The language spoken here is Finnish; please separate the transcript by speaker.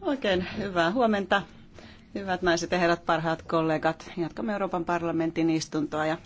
Speaker 1: Oikein hyvää huomenta. Hyvät naiset ja herrat, parhaat kollegat. Jatkamme Euroopan parlamentin istuntoa ja